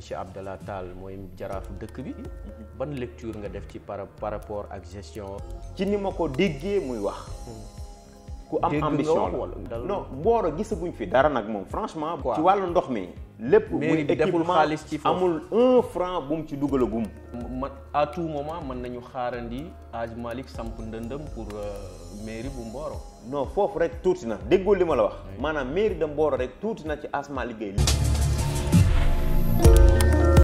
monsieur Abdallah Tall mooy jaraafu dëkk bi ban lecture nga def ci par par rapport ak gestion ci ni ma ko déggee muy wax ku am ambition la non Mboro gisaguñ fi dara nag moom franchement ci wàllu ndox mi lépp muy équipement xaalis ci amul un franc bu mu ci dugalagum man à tout moment mën nañu xaarandi Hadj Malick samp ndëndëm pour euh, mairie bu Mboro non foofu rek tuuti na déggoo li ma la wax maanaam mairie de Mboro rek tuuti na ci Asma liggéey li